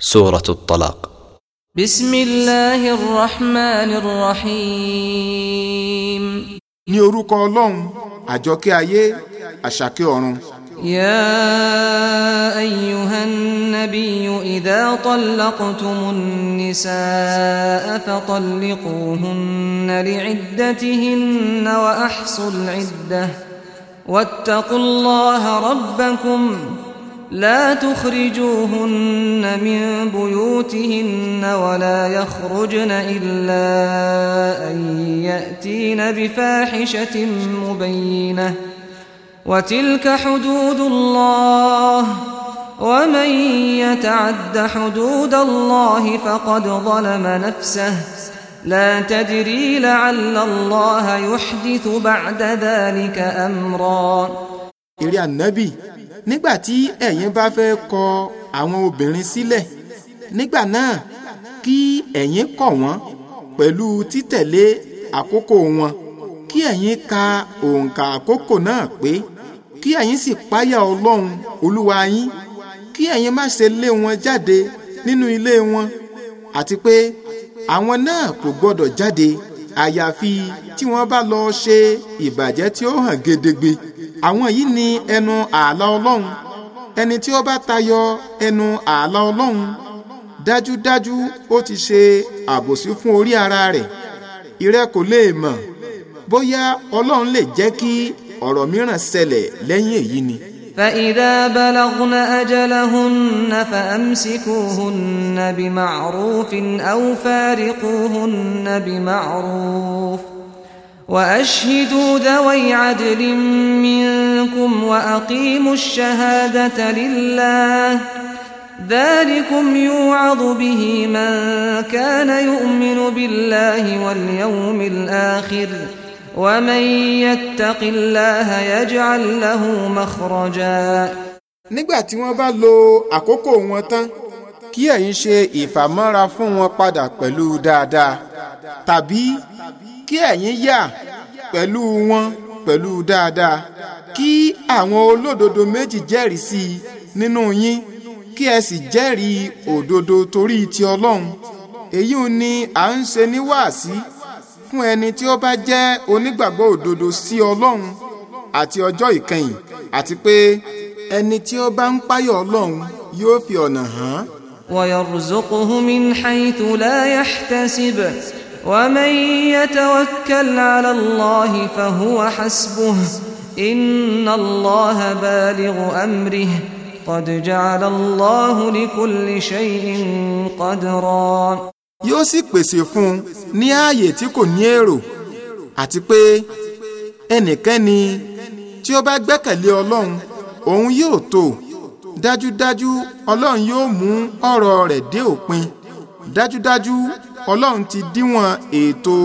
سورة الطلاق بسم الله الرحمن الرحيم ní orúkọ ọlọ́run يا أيها النبي إذا طلقتم النساء فطلقوهن لعدتهن وأحصوا العدة واتقوا الله ربكم ۖ لا تخرجوهن من بيوتهن ولا يخرجن إلا أن يأتين بفاحشة مبينة وتلك حدود الله ومن يتعد حدود الله فقد ظلم نفسه لا تدري لعل الله يحدث بعد ذلك أمرا إلى النبي nígbà tí ẹ̀yin bá fẹ́ kọ àwọn obìnrin sílẹ̀ nígbà náà kí ẹ̀yin kọ̀ wọ́n pẹ̀lú títẹ̀lé àkókò wọn kí ẹ̀yin ka òǹkà àkókò náà pé kí ẹ̀yin sì páyà ọlọ́run olúwa yín kí ẹ̀yin má ṣe lé wọn jáde nínú ilé wọn àti pé àwọn náà kò gbọ́dọ̀ jáde àyàfi tí wọ́n bá lọ ṣe ìbàjẹ́ tí ó hàn gedegbe àwọn yìí ni ẹnu ààlà ọlọ́run ẹni tí ó bá tayọ ẹnu ààlà ọlọ́run dájúdájú ó ti ṣe àbòsí fún orí ara rẹ̀ ìrẹ́ kò lè mọ̀ bóyá ọlọ́run lè jẹ́ kí ọ̀rọ̀ mìíràn ṣẹlẹ̀ lẹ́yìn èyí ni. فإذا بلغن أجلهن فأمسكوهن بمعروف أو فارقوهن بمعروف وأشهدوا ذوي عدل منكم وأقيموا الشهادة لله ذلكم يوعظ به من كان يؤمن بالله واليوم الآخر ومن يتق الله يجعل له مخرجا nígbà tí wọ́n bá lo àkókò wọn tán kí ẹ̀yin ṣe ìfàmọ́ra fún wọn padà pẹ̀lú dáadáa tàbí kí ẹ̀yin yà pẹ̀lú wọn pẹ̀lú dáadáa kí àwọn olódodo méjì jẹ́rìí sí i nínú yín kí ẹ sì jẹ́rìí òdodo torí ti ọlọ́run èyí ni à ń ṣe ní wáàsí fún ẹni tí ó bá jẹ́ onígbàgbọ́ òdodo sí ọlọ́run àti ọjọ́ ìkẹyìn àti pé ẹni tí ó bá ń páyọ̀ ọlọ́run yóò fi ọ̀nà hàn. wa yarzuquhu min haythu la yahtasib. ومن يتوكل على الله فهو حسبه إن الله بالغ أمره قد جعل الله لكل شيء قدرا yóò sì pèsè fún un ní ààyè tí kò ní èrò àti pé ẹnikẹ́ni tí ó bá gbẹ́kẹ̀lé ọlọ́run òun yóò tó dájúdájú ọlọ́run yóò mú ọ̀rọ̀ rẹ̀ dé òpin dájúdájú ọlọ́run ti díwọ̀n ètò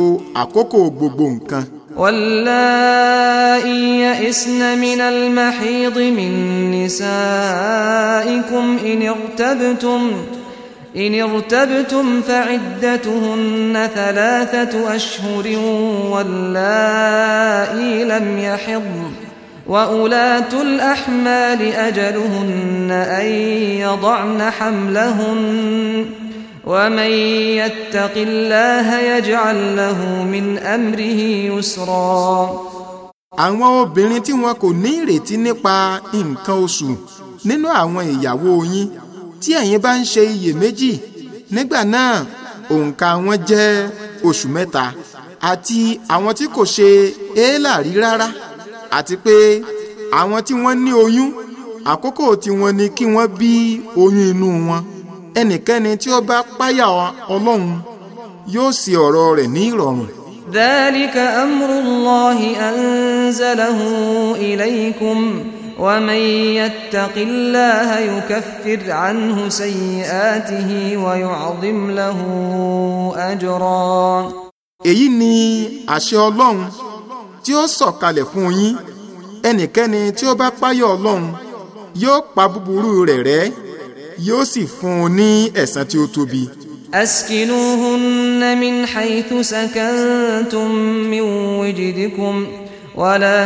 àkókò gbogbo nǹkan. واللائي يئسن من المحيض من نسائكم إن ارتبتم إن ارتبتم فعدتهن ثلاثة أشهر واللائي لم يحضن وأولاة الأحمال أجلهن أن يضعن حملهن ومن يتق الله يجعل له من أمره يسرا àwọn obìnrin tí wọn kò ní ìrètí nípa nǹkan oṣù nínú àwọn ìyàwó yín tí ẹ̀yin bá ń ṣe iyèméjì nígbà náà òǹkà wọn jẹ́ oṣù mẹ́ta àti àwọn tí kò ṣe éèlà rí rárá àti pé àwọn tí wọ́n ní oyún àkókò tí wọ́n ní kí wọ́n bí oyún inú wọn ẹnikẹ́ni tí ó bá páyà ọlọ́run yóò sì ọ̀rọ̀ rẹ̀ ní ìrọ̀rùn. dhalika amrullahi anzalahu ilaykum wa man yattaqillaha yukaffir anhu sayyi'atihi wa yu'adhim lahu ajra. èyí ni àṣẹ ọlọ́run tí ó sọ̀kalẹ̀ fún yín ẹnikẹ́ni tí ó bá páyà ọlọ́run yóò pa búburú rẹ̀ rẹ́. yóò sì fún un ní أسكنوهن من حيث سكنتم من وجدكم ولا تضاروهن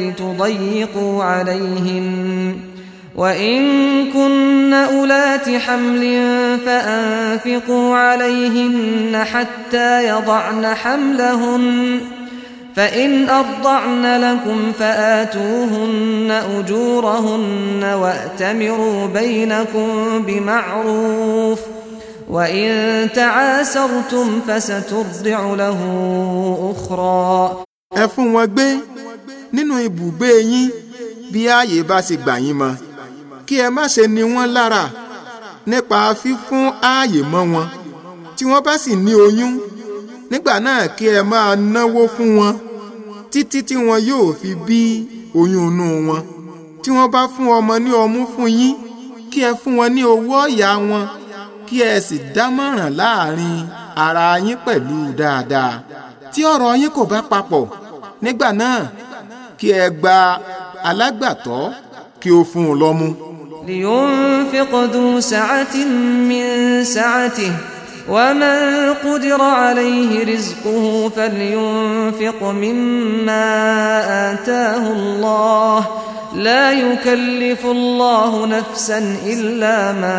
لتضيقوا عليهن وإن كن أولات حمل فأنفقوا عليهن حتى يضعن حملهن فإن أرضعن لكم فآتوهن أجورهن وأتمروا بينكم بمعروف وإن تعاسرتم فسترضع له أخرى ẹ wọn gbé nínú ibùgbé yín bí ààyè bá sì gbà yín mọ́ kí ẹ má ṣe ni wọ́n lára nípa fífún ààyè mọ́ wọn tí wọ́n bá sì ní oyún nígbà náà kí ẹ máa náwó fún wọn títí tí wọn yóò fi bí oyún inú wọn tí wọ́n bá fún ọmọ ní ọmú fún yín kí ẹ fún wọn ní owó ọ̀yà wọn kí ẹ sì dámọ̀ràn láàrin ara yín pẹ̀lú dáadáa tí ọ̀rọ̀ yín kò bá papọ̀ nígbà náà kí ẹ gba alágbàtọ́ kí ó fún un lọ́mú. liyunfiq du sa'atin min sa'atihi. ومن قدر عليه رزقه فلينفق مما آتاه الله لا يكلف الله نفسا إلا ما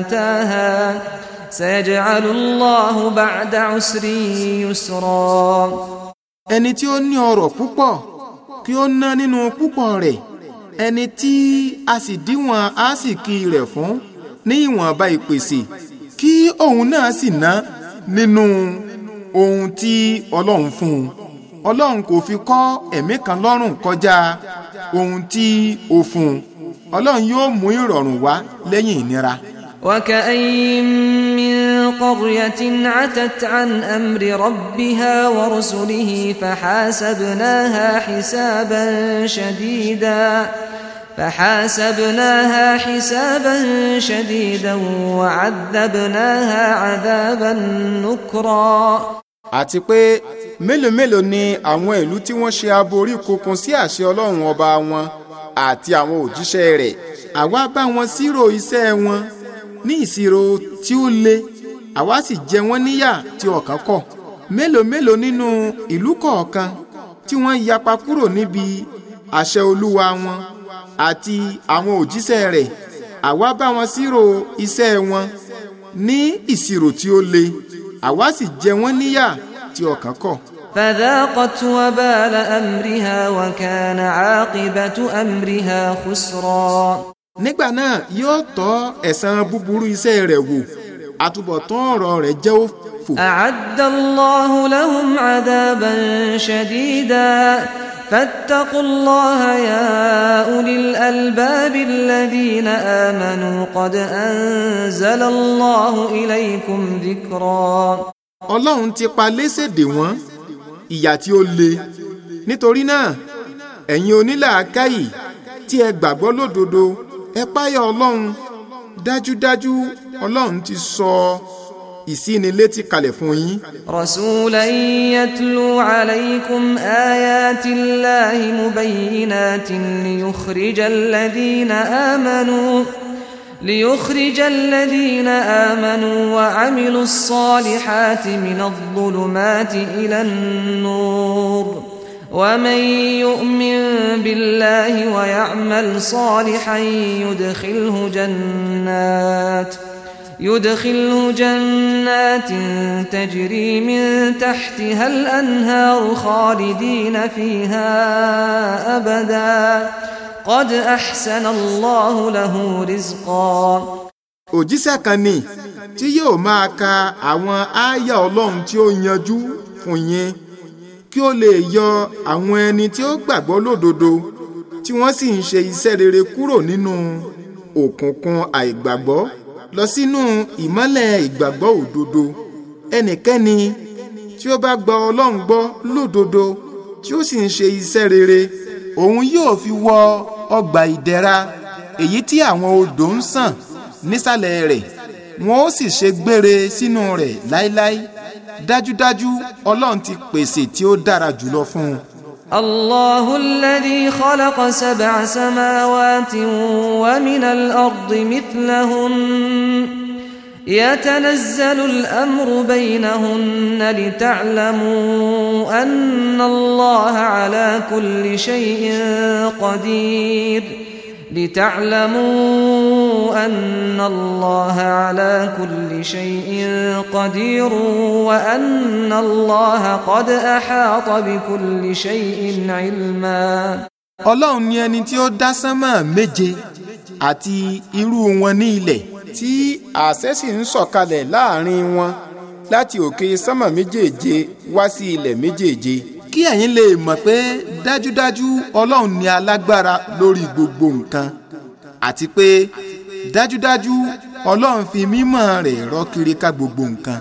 آتاها سيجعل الله بعد عسر يسرا ẹni tí ó ní ọrọ̀ púpọ̀ kí ó ná nínú púpọ̀ rẹ̀ ẹni tí a sì díwọ̀n àsìkí rẹ̀ fún ní ìwọ̀nba ìpèsè kí òun náà sì ná nínú ohun tí ọlọ́run fún un ọlọ́run kò fi kọ́ ẹ̀mí kan lọ́rùn kọjá ohun tí ó fún un ọlọ́run yóò mú ìrọ̀rùn wá lẹ́yìn ìnira. وكأين من قرية عتت عن أمر ربها ورسله فحاسبناها حسابا شديدا فحاسبناها حسابا شديدا وعذبناها عذابا نكرا àti pé mélòó mélòó ni àwọn ìlú tí wọ́n ṣe aborí kokun sí àṣẹ ọlọ́run ọba wọn àti àwọn òjíṣẹ́ rẹ̀ àwa bá wọn ṣírò iṣẹ́ wọn ní ìṣirò tí ó le àwa sì jẹ wọ́n níyà tí ọkàn kọ̀ mélòó mélòó nínú ìlú kọ̀ọ̀kan tí wọ́n yapa kúrò níbi àṣẹ olúwa wọn àti àwọn òjíṣẹ́ rẹ̀ àwa bá wọn sírò iṣẹ́ wọn ní ìṣirò tí ó le àwa sì jẹ wọ́n níyà tí ọkàn kọ̀. فذاقت وبال أمرها وكان عاقبة أمرها خسرا nígbà náà yóò tọ́ ẹ̀san búburú iṣẹ́ rẹ̀ wò àtúbọ̀tán ọ̀rọ̀ rẹ̀ jẹ́ òfò. أعد الله لهم عذابا شديدا فاتقوا الله يا أولي الألباب الذين آمنوا قد أنزل الله إليكم ذكرا ọlọ́run ti pa léṣèdè wọ́n ìyà tí ó le nítorí náà ẹ̀yin onílàákàyè tí ẹ gbàgbọ́ lódodo ẹ páyà ọlọ́run dájúdájú ọlọ́run ti sọ ìsínilétí kalẹ̀ fún yín. rasulan yatlu alaykum ayati llahi mubayyinatin liyukhrija alladhina amanu ليخرج الذين آمنوا وعملوا الصالحات من الظلمات إلى النور ومن يؤمن بالله ويعمل صالحا يدخله جنات ۖ يدخله جنات تجري من تحتها الأنهار خالدين فيها أبدا قد أحسن الله له رزقا òjíṣẹ́ kan tí yóò máa ka àwọn àáyà ọlọ́run tí ó yanjú fún yín kí ó lè yọ àwọn ẹni tí ó gbàgbọ́ lódodo tí wọ́n sì ń ṣe iṣẹ́ rere kúrò nínú òkùnkùn àìgbàgbọ́ lọ sínú ìmọ́lẹ̀ ìgbàgbọ́ òdodo ẹnikẹ́ni tí ó bá gba ọlọ́run gbọ́ lódodo tí ó sì ń ṣe iṣẹ́ rere òun yóò fi wọ ọgbà ìdẹ̀ra èyí tí àwọn odò ń sàn nísàlẹ̀ rẹ̀ wọn ó sì ṣe gbére sínú rẹ̀ láéláé dájúdájú ọlọ́run ti pèsè tí ó dára jùlọ fún un. الله الذي خلق سبع سماوات ومن الأرض مثلهن يتنزل الأمر بينهن لتعلموا أن الله على كل شيء قدير لتعلموا أن الله على كل شيء قدير وأن الله قد أحاط بكل شيء علما ọlọ́run ni ẹni tí ó dá sánmà méje àti irú wọn ní ilẹ̀ tí àṣẹ sì ń sọ̀kalẹ̀ láàrin wọn láti òkè sánmà méjèèje wá sí ilẹ̀ méjèèje kí ẹ̀yin lè mọ̀ pé dájúdájú ọlọ́run ni alágbára lórí gbogbo nǹkan àti pé dájúdájú ọlọ́run fi mímọ́ rẹ̀ rọ́ kiri ká gbogbo nǹkan.